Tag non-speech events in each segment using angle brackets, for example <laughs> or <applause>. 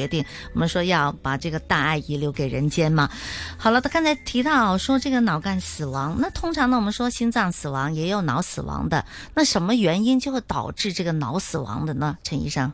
決定，我們說要把這個大愛遺留給人間嘛。好了，他剛才提到說這個腦幹死亡，那通常呢，我們說心臟死亡也有腦死亡的，那什麼原因就會導致這個腦死亡的呢？陳醫生，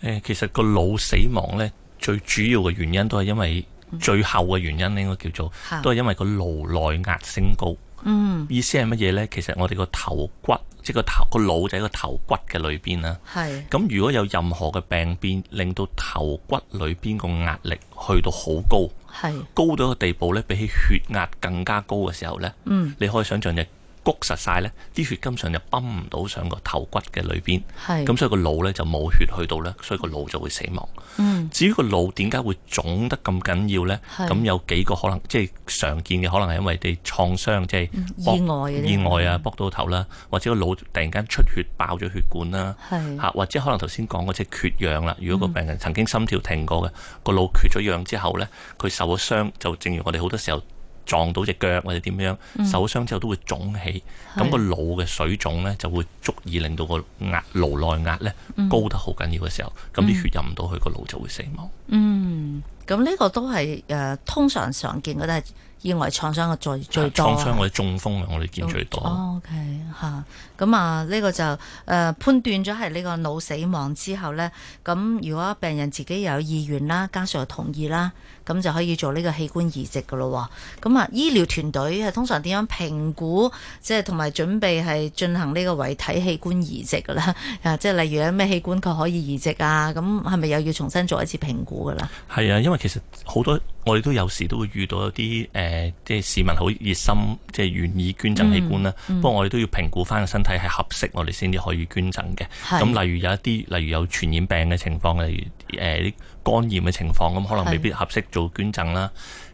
呃、其實個腦死亡呢，最主要嘅原因都係因為最後嘅原因，應該叫做、嗯、都係因為個顱內壓升高。嗯，意思係乜嘢呢？其實我哋個頭骨。即個頭個腦仔喺個頭骨嘅裏邊啦。係是。咁如果有任何嘅病變，令到頭骨裏邊個壓力去到好高，係是。高到一個地步咧，比起血壓更加高嘅時候咧，嗯，你可以想象嘅。谷實晒咧，啲血根上就泵唔到上個頭骨嘅裏邊，咁是、嗯、所以個腦咧就冇血去到咧，所以個腦就會死亡。嗯、至於個腦點解會腫得咁緊要咧？咁是有幾個可能，即係常見嘅可能係因為你創傷，即係意外意外啊，搏到頭啦，或者個腦突然間出血爆咗血管啦，吓是、啊、或者可能頭先講嗰隻缺氧啦。如果個病人曾經心跳停過嘅，個腦、嗯、缺咗氧之後咧，佢受咗傷，就正如我哋好多時候。撞到隻腳或者點樣受傷之後都會腫起，咁個、嗯、腦嘅水腫呢，就會足以令到個壓顱內壓咧高得好緊要嘅時候，咁啲、嗯、血入唔到去個腦就會死亡。嗯。嗯。咁呢個都係誒、呃、通常常見嘅，都係意外創傷嘅最最多。創傷我哋中風嘅，我哋見最多、哦。OK 吓，咁啊呢、啊這個就誒、啊、判斷咗係呢個腦死亡之後咧，咁如果病人自己有意願啦，家屬又同意啦，咁就可以做呢個器官移植嘅咯。咁啊醫療團隊係通常點樣評估，即係同埋準備係進行呢個遺體器官移植嘅咧？啊，即係例如有咩器官佢可以移植啊？咁係咪又要重新做一次評估噶啦？係 <music> 啊，因其實好多我哋都有時都會遇到一啲誒、呃，即係市民好熱心，嗯、即係願意捐贈器官啦。嗯、不過我哋都要評估返個身體係合適，我哋先至可以捐贈嘅。咁是例如有一啲，例如有傳染病嘅情況，例如誒、呃、肝炎嘅情況，咁可能未必合適做捐贈啦。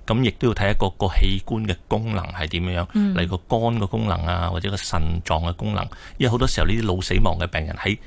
咁亦都要睇一個一個器官嘅功能係點樣，嗯、例如個肝嘅功能啊，或者個腎臟嘅功能。因為好多時候呢啲腦死亡嘅病人喺。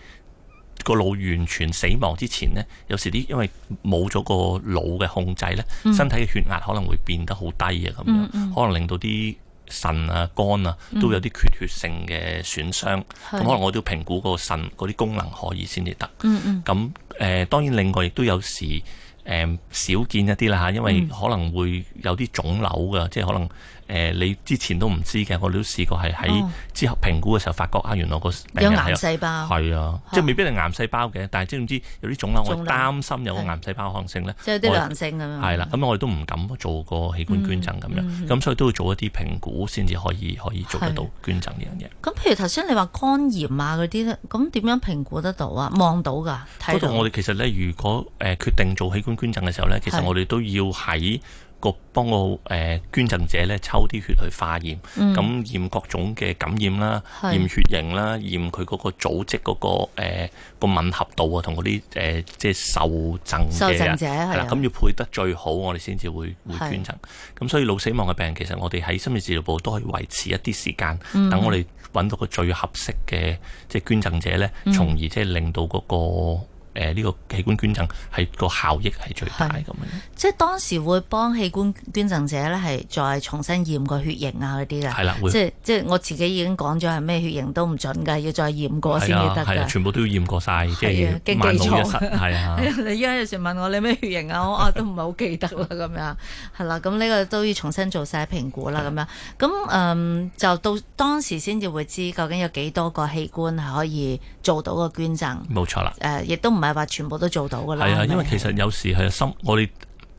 個腦完全死亡之前呢，有時啲因為冇咗個腦嘅控制呢，嗯、身體嘅血壓可能會變得好低啊，咁樣、嗯嗯、可能令到啲腎啊、肝啊都有啲缺血性嘅損傷，咁、嗯、可能我都要評估個腎嗰啲功能可以先至得。咁誒、嗯嗯呃，當然另外亦都有時誒、呃、少見一啲啦吓，因為可能會有啲腫瘤噶，即係可能。誒，你之前都唔知嘅，我哋都試過係喺之後評估嘅時候，發覺啊，原來個有癌細胞。係啊，即係未必係癌細胞嘅，但係即係唔知有啲腫瘤，我擔心有個癌細胞可能性咧，即係有啲良性咁樣。係啦，咁我哋都唔敢做個器官捐贈咁樣，咁所以都要做一啲評估先至可以可以做得到捐贈呢樣嘢。咁譬如頭先你話肝炎啊嗰啲咧，咁點樣評估得到啊？望到噶？嗰度我哋其實咧，如果誒決定做器官捐贈嘅時候咧，其實我哋都要喺。幫個幫我誒捐贈者咧抽啲血去化驗，咁驗、嗯、各種嘅感染啦，驗是血型啦，驗佢嗰個組織嗰、那個誒個、呃、吻合度啊，同嗰啲誒即係受贈嘅贈者係啦，咁要配得最好，我哋先至會會捐贈。咁是、嗯、所以腦死亡嘅病人，其實我哋喺深切治療部都可以維持一啲時間，等我哋揾到個最合適嘅即係捐贈者咧，從而即係令到嗰、那個。嗯誒，呢個器官捐贈係個效益係最大咁樣。即係當時會幫器官捐贈者咧，係再重新驗過血型啊嗰啲噶。係啦，即係即係我自己已經講咗，係咩血型都唔準噶，要再驗過先得噶。全部都要驗過晒，的即係記憶錯。係啊的， <laughs> 你依家有時問我你咩血型啊，我啊都唔係好記得啦咁樣。係啦，咁、這、呢個都要重新做晒評估啦咁的樣。咁誒、嗯，就到當時先至會知究竟有幾多個器官係可以。做到個捐贈，冇錯啦。誒、呃，亦都唔係話全部都做到噶啦。係啊，是是因為其實有時係心，我哋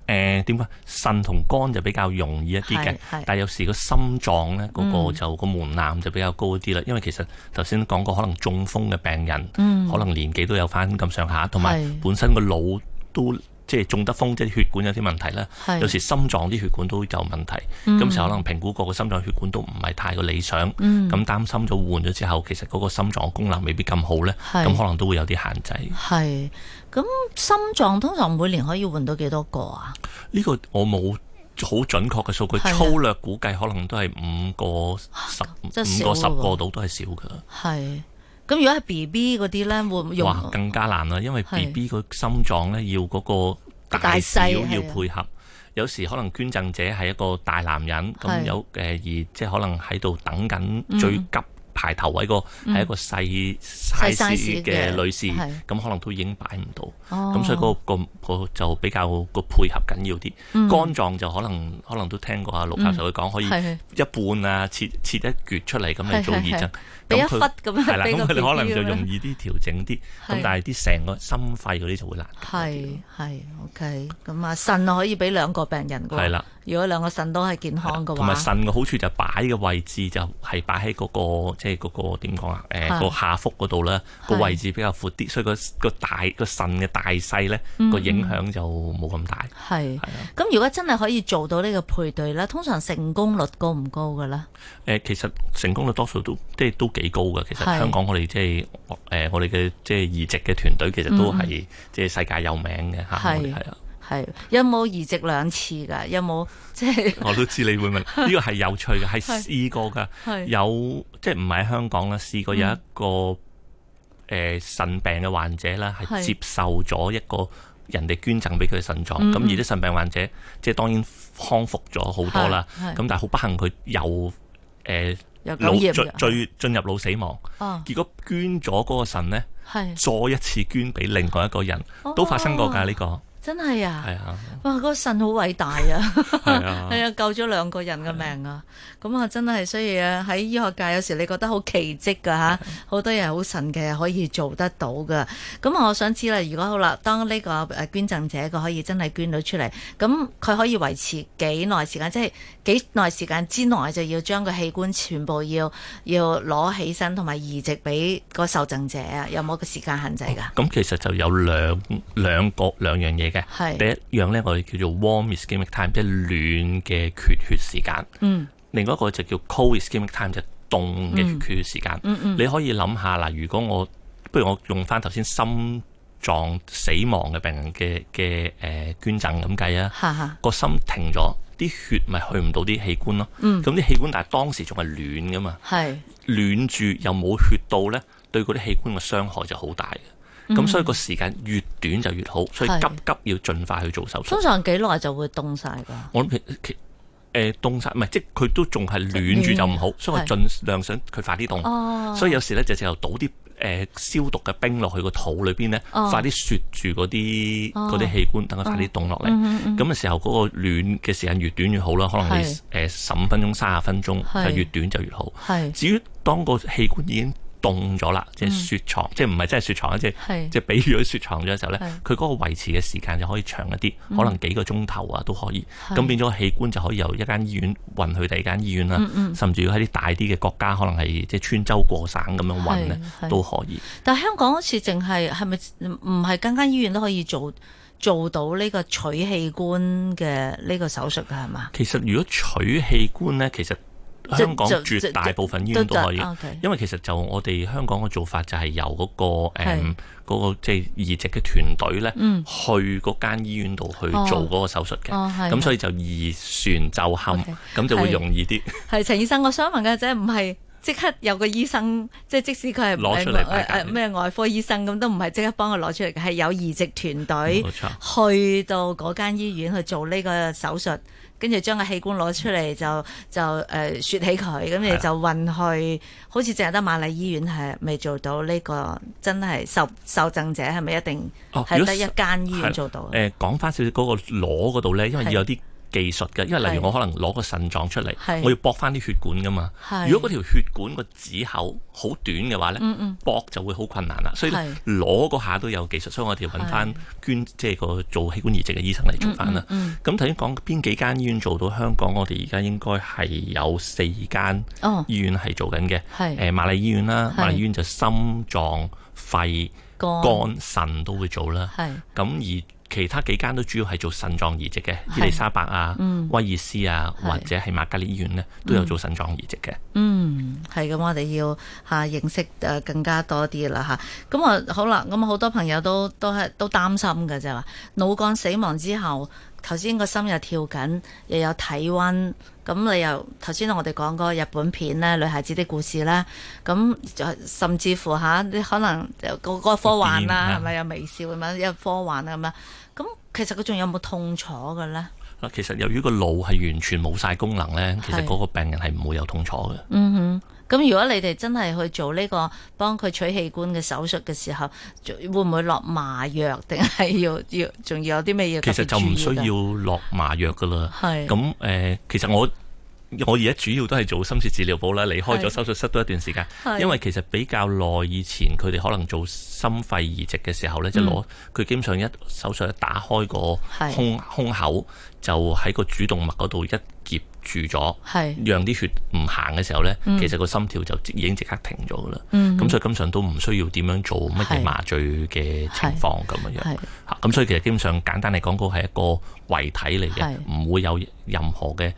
誒點講，腎、呃、同肝就比較容易一啲嘅，是是但係有時個心臟咧，嗰、那個就個、嗯、門檻就比較高啲啦。因為其實頭先講過，可能中風嘅病人，嗯、可能年紀都有翻咁上下，同埋本身個腦都。即係中得風，即係血管有啲問題咧。有時是心臟啲血管都有問題，咁、嗯、時可能評估個個心臟血管都唔係太過理想，咁、嗯、擔心咗換咗之後，其實嗰個心臟功能未必咁好呢，咁是可能都會有啲限制。係，咁心臟通常每年可以換到幾多個啊？呢個我冇好準確嘅數據，啊、粗略估計可能都係五個十， <laughs> 五個十個到都係少㗎。係。咁如果係 B B 啲咧，會唔會哇，更加難啊，因為 B B 個心臟咧，要個大細，要配合，的有時可能捐贈者係一個大男人，咁有誒而即係可能喺度等緊最急。排頭位個係一個細細隻嘅女士，咁可能都已經擺唔到，咁所以嗰個個就比較個配合緊要啲。肝臟就可能可能都聽過阿陸教授佢講，可以一半啊切切一橛出嚟咁嚟做熱症，咁佢哋可能就容易啲調整啲。咁但係啲成個心肺嗰啲就會難啲。係係，OK，咁啊腎可以俾兩個病人啩。如果兩個腎都係健康嘅話，同埋腎嘅好處就擺嘅位置就係擺喺嗰、嗰個即係、嗰、嗰個點講啊？誒個、呃、的下腹嗰度咧，個位置比較闊啲，的所以個大個腎嘅大細咧個影響就冇咁大。係的，咁的如果真係可以做到呢個配對咧，通常成功率高唔高嘅啦？誒、呃，其實成功率多數都即係都幾高嘅。其實香港我哋即係誒我哋嘅即係移植嘅團隊，其實都係的即係世界有名嘅嚇，係啊。係有冇移植兩次噶？有冇，即係我都知你會問呢、這個係有趣嘅，係試過噶，有即係唔係喺香港啦。試過有一個誒腎、嗯呃、病嘅患者啦，係接受咗一個人哋捐贈俾佢嘅腎臟，咁是而啲腎病患者即係當然康復咗好多啦。咁但係好不幸佢又誒腦最最進入腦死亡，啊、結果捐咗嗰個腎咧，再一次捐俾另外一個人，都發生過㗎呢個。啊啊啊啊真係啊！哇，嗰、那個腎好偉大啊！係啊， <laughs> 救咗兩個人嘅命啊！咁啊，真係所以啊，喺醫學界有時你覺得好奇蹟㗎嚇，好、啊、多嘢好神奇可以做得到嘅。咁我想知啦，如果好啦，當呢個誒捐贈者佢可以真係捐到出嚟，咁佢可以維持幾耐時間？即係幾耐時間之內就要將個器官全部要要攞起身，同埋移植俾個受贈者啊？有冇個時間限制㗎？咁、嗯、其實就有兩兩個兩樣嘢。嘅是第一樣咧，我哋叫做 warm ischemic time，即係暖嘅缺血時間。嗯、另外一個就叫 cold ischemic time，就係凍嘅缺血時間。嗯嗯嗯、你可以諗下嗱，如果我不如我用翻頭先心臟死亡嘅病人嘅嘅誒捐贈咁計啊，個哈心停咗，啲血咪去唔到啲器官咯。咁啲器官，嗯、器官但係當時仲係暖㗎嘛，是暖住又冇血到咧，對嗰啲器官嘅傷害就好大。咁所以個時間越短就越好，所以急急要盡快去做手術。通常幾耐就會凍晒㗎？我諗其其誒凍晒，唔係即佢都仲係暖住就唔好，所以我盡量想佢快啲凍。所以有時咧就就又倒啲誒消毒嘅冰落去個肚裏邊咧，快啲雪住嗰啲啲器官，等佢快啲凍落嚟。咁嘅時候嗰個暖嘅時間越短越好啦。可能你誒十五分鐘、三十分鐘，就越短就越好。至於當個器官已經。凍咗啦，即係雪藏，嗯、即係唔係真係雪藏是即係即係比喻咗雪藏咗嘅時候咧，佢嗰是個維持嘅時間就可以長一啲，嗯、可能幾個鐘頭啊都可以。咁是變咗器官就可以由一間醫院運去第二間醫院啦，嗯嗯、甚至要喺啲大啲嘅國家，可能係即係穿州過省咁樣運咧都可以。但係香港好似淨係係咪唔係間間醫院都可以做做到呢個取器官嘅呢個手術嘅係嘛？其實如果取器官咧，其實。香港絕大部分醫院都可以， <music> okay、因為其實就我哋香港嘅做法就係由嗰、嗰個誒即係移植嘅團隊咧，是嗯、去嗰間醫院度去做嗰個手術嘅，咁、哦哦、所以就移船就冚，咁 Okay 就會容易啲。係，陳醫生，我想問嘅即係唔係即刻有個醫生，即、就、係、是、即使佢係攞出嚟咩、哎、外科醫生咁，都唔係即刻幫佢攞出嚟嘅，係有移植團隊錯去到嗰間醫院去做呢個手術。跟住將個器官攞出嚟就就誒雪、呃、起佢，咁你就運去，的好似淨係得瑪麗醫院係未做到呢、這個，真係受受贈者係咪一定係得、哦、的一間醫院做到？誒，講翻少少嗰個攞嗰度咧，因為要有啲。技術嘅，因為例如我可能攞個腎臟出嚟，我要搏翻啲血管噶嘛。如果嗰條血管個指口好短嘅話呢，搏就會好困難啦。所以攞嗰下都有技術，所以我哋要揾翻捐，即係個做器官移植嘅醫生嚟做翻啦。咁頭先講邊幾間醫院做到香港？我哋而家應該係有四間醫院係做緊嘅。誒，瑪麗醫院啦，瑪麗醫院就心臟、肺、肝、腎都會做啦。咁而其他幾間都主要係做腎臟移植嘅，是伊利沙伯啊、嗯、威爾斯啊，或者係瑪嘉烈醫院咧，都有做腎臟移植嘅。嗯，係咁，我哋要嚇認識誒更加多啲啦吓，咁啊好啦，咁好多朋友都都係都擔心就啫嘛。腦幹死亡之後，頭先個心又跳緊，又有體温，咁你又頭先我哋講個日本片咧，《女孩子的故事》咧，咁甚至乎嚇啲可能個個科幻啦，係咪、嗯嗯、有微笑咁樣，有科幻啊咁樣。其實佢仲有冇痛楚嘅咧？嗱，其實由於個腦係完全冇晒功能咧，是其實嗰個病人係唔會有痛楚嘅。嗯哼，咁如果你哋真係去做呢個幫佢取器官嘅手術嘅時候，會唔會落麻藥？定係要要？仲要有啲咩嘢？其實就唔需要落麻藥噶啦。係咁是，誒、呃，其實我。我而家主要都係做深切治療部啦，離開咗手術室都一段時間，因為其實比較耐以前，佢哋可能做心肺移植嘅時候呢就攞佢基本上一手術一打開個胸是胸口，就喺個主動脈嗰度一結住咗，是讓啲血唔行嘅時候咧，嗯、其實個心跳就已經即刻停咗啦。咁、嗯、哼所以基本上都唔需要點樣做乜嘢麻醉嘅情況咁樣。嚇，咁所以其實基本上簡單嚟講，嗰係一個遺體嚟嘅，唔是會有任何嘅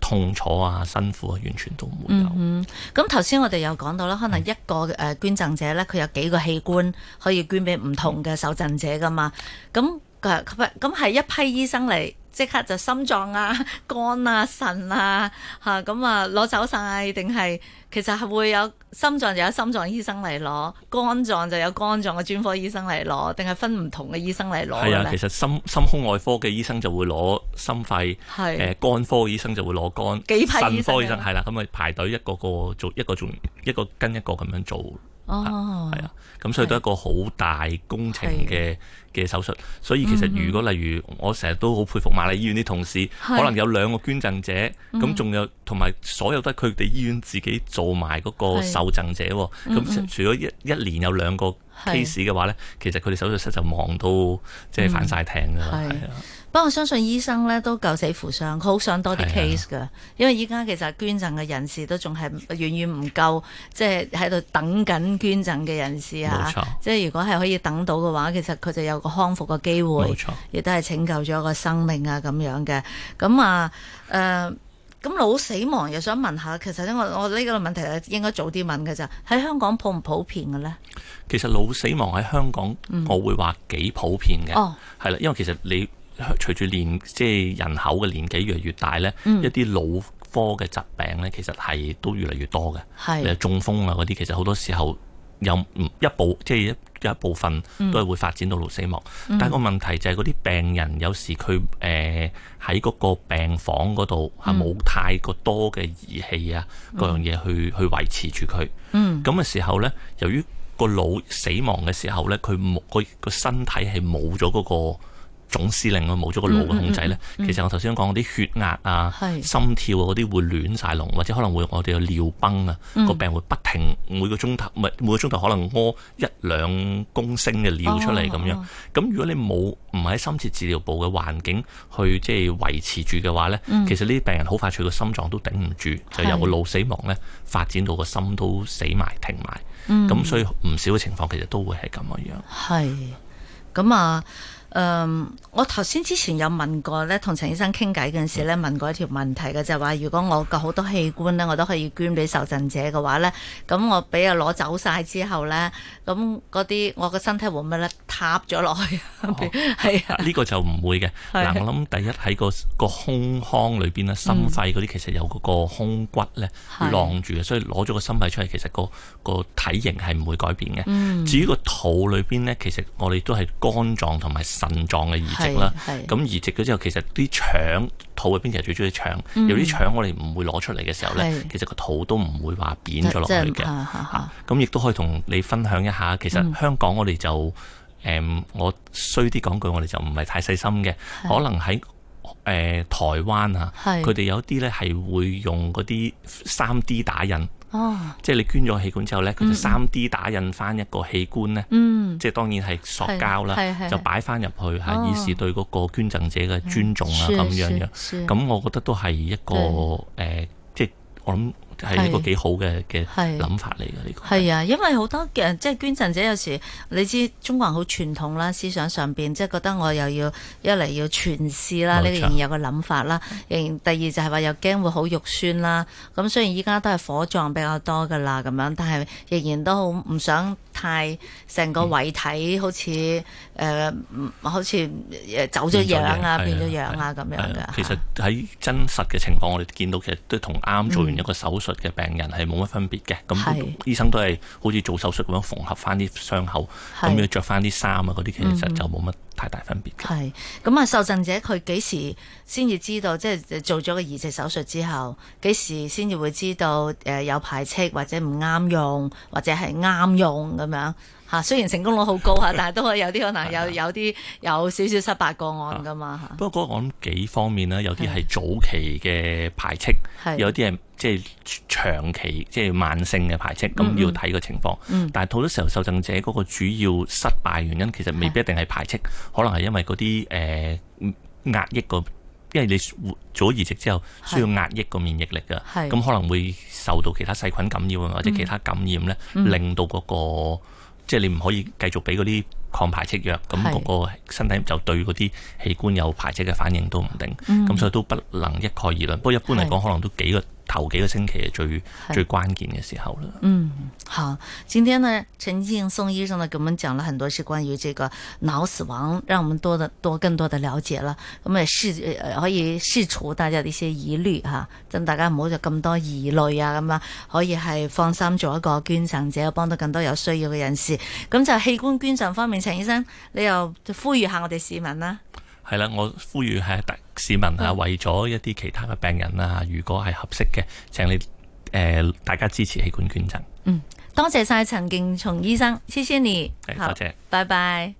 痛楚啊、辛苦啊，完全都唔會有。咁頭先我哋有講到啦，可能一個誒捐贈者咧，佢是有幾個器官可以捐俾唔同嘅受贈者噶嘛。咁、嗯嗯咁咁係一批醫生嚟？即刻就心臟啊、肝啊、腎啊，吓、嗯、咁、嗯、啊攞走晒，定係其實係會有心臟就有心臟醫生嚟攞，肝臟就有肝臟嘅專科醫生嚟攞，定係分唔同嘅醫生嚟攞咧？係啊，其實心心胸外科嘅醫生就會攞心肺，誒係、呃、肝科嘅醫生就會攞肝，幾批腎科醫生係、嗯、啦，咁啊排隊一、一個個做，一個做、一個做、一個做、一個一個跟一個咁樣做。哦，係啊，咁所以都係一個好大工程嘅嘅手術，所以其實如果例如我成日都好佩服瑪麗醫院啲同事，可能有兩個捐贈者，咁仲有同埋所有都係佢哋醫院自己做埋嗰個受贈者，咁除咗一一年有兩個 case 嘅話呢，是其實佢哋手術室就忙到即係反晒艇噶啦。不過我相信醫生呢都救死扶傷，佢好想多啲 case 噶。的因為依家其實捐贈嘅人士都仲係遠遠唔夠，即係喺度等緊捐贈嘅人士錯啊。即係如果係可以等到嘅話，其實佢就有個康復嘅機會，亦錯都係拯救咗一個生命啊咁樣嘅。咁啊，誒、呃。咁腦死亡又想問下，其實咧我我呢個問題係應該早啲問嘅咋，喺香港普唔普遍嘅咧？其實腦死亡喺香港，嗯、我會話幾普遍嘅，係啦、哦，因為其實你隨住年即係人口嘅年紀越嚟越大咧，嗯、一啲腦科嘅疾病咧是，其實係都越嚟越多嘅，誒中風啊嗰啲，其實好多時候。有一部，即係一一部分都係會發展到腦死亡。嗯、但係個問題就係嗰啲病人有時佢誒喺嗰個病房嗰度係冇太過多嘅儀器啊，各、嗯、樣嘢去去維持住佢。咁嘅、嗯、時候呢，由於個腦死亡嘅時候呢，佢冇個個身體係冇咗嗰個。總司令啊，冇咗個腦嘅控制咧，其實我頭先講嗰啲血壓啊、心跳啊嗰啲會亂晒龍，或者可能會我哋嘅尿崩啊，個病會不停每個鐘頭咪每個鐘頭可能屙一兩公升嘅尿出嚟咁樣。咁如果你冇唔喺深切治療部嘅環境去即係維持住嘅話咧，其實呢啲病人好快脆，個心臟都頂唔住，就由個腦死亡咧發展到個心都死埋停埋。咁所以唔少嘅情況其實都會係咁樣樣。係咁啊！誒、嗯，我頭先之前有問過咧，同陳醫生傾偈嗰陣時咧，問過一條問題嘅，就係、是、話，如果我個好多器官咧，我都可以捐俾受贈者嘅話咧，咁我俾啊攞走晒之後咧，咁嗰啲我個身體會唔會咧塌咗落去？係、哦、 <laughs> 啊，呢、啊呢個就唔會嘅。嗱是，我諗第一喺個個胸腔裏邊咧，心肺嗰啲其實有嗰個胸骨咧，晾是住嘅，所以攞咗個心肺出嚟，其實、個、個體型係唔會改變嘅。嗯、至於個肚裏邊咧，其實我哋都係肝臟同埋。腎臟嘅移植啦，咁移植咗之後，其實啲腸、肚入邊其實最中意腸？嗯、有啲腸我哋唔會攞出嚟嘅時候呢，是其實個肚都唔會話扁咗落去嘅。咁亦都可以同你分享一下，其實香港我哋就誒、嗯嗯，我衰啲講句，我哋就唔係太細心嘅，是可能喺誒、呃、台灣啊，佢哋是有啲呢係會用嗰啲三 D 打印。哦，嗯、即係你捐咗器官之後呢，佢就三 D 打印翻一個器官咧，嗯、即係當然係塑膠啦，就擺翻入去吓，以示、哦、對嗰個捐贈者嘅尊重啊咁樣樣。咁我覺得都係一個誒對、呃，即係我諗。係一個幾好嘅嘅諗法嚟嘅，呢個係啊，因為好多嘅即係捐贈者，有時你知中國人好傳統啦，思想上邊即係覺得我又要一嚟要全屍啦，呢個錯仍然有個諗法啦。仍然第二就係話又驚會好肉酸啦。咁、嗯、雖然依家都係火葬比較多噶啦，咁樣但係仍然都好唔想太成個遺體好似誒、嗯呃，好似誒走咗樣啊，變咗樣啊咁樣嘅。其實喺真實嘅情況，嗯、我哋見到其實都同啱做完一個手術、嗯。嗯嘅病人係冇乜分別嘅，咁醫生都係好似做手術咁樣縫合翻啲傷口，咁要着翻啲衫啊，嗰啲其實就冇乜太大分別嘅。係咁啊，受贈者佢幾時先至知道？即係做咗個移植手術之後，幾時先至會知道？誒，有排斥或者唔啱用，或者係啱用咁樣。嚇，雖然成功率好高嚇，但係都係有啲可能有有啲有少少失敗個案噶嘛。不過嗰個我諗幾方面啦，有啲係早期嘅排斥，有啲係即係長期即係慢性嘅排斥，咁要睇個情況。嗯。但係好多時候受贈者嗰個主要失敗原因其實未必一定係排斥，可能係因為嗰啲誒壓抑個，因為你做咗移植之後需要壓抑個免疫力㗎，咁可能會受到其他細菌感染啊或者其他感染咧，令到嗰個。即係你唔可以繼續俾嗰啲抗排斥藥，咁個身體就對嗰啲器官有排斥嘅反應都唔定，咁、嗯、所以都不能一概而論。不過一般嚟講，可能都幾個。頭幾個星期係最是最關鍵嘅時候啦。嗯，好，今天呢陳敬松醫生呢，給我們講了很多是關於這個腦死亡，讓我們多的多更多的了解啦。咁啊，釋、呃、可以釋除大家的一些疑慮吓，等、啊、大家唔好有咁多疑慮啊，咁啊，可以係放心做一個捐贈者，幫到更多有需要嘅人士。咁就器官捐贈方面，陳醫生你又呼籲下我哋市民啦、啊。係啦，我呼籲下特市民啊，為咗一啲其他嘅病人啊，如果係合適嘅，請你誒、呃，大家支持器官捐贈。嗯，多謝晒陳勁松醫生，謝謝你。是好多謝，拜拜。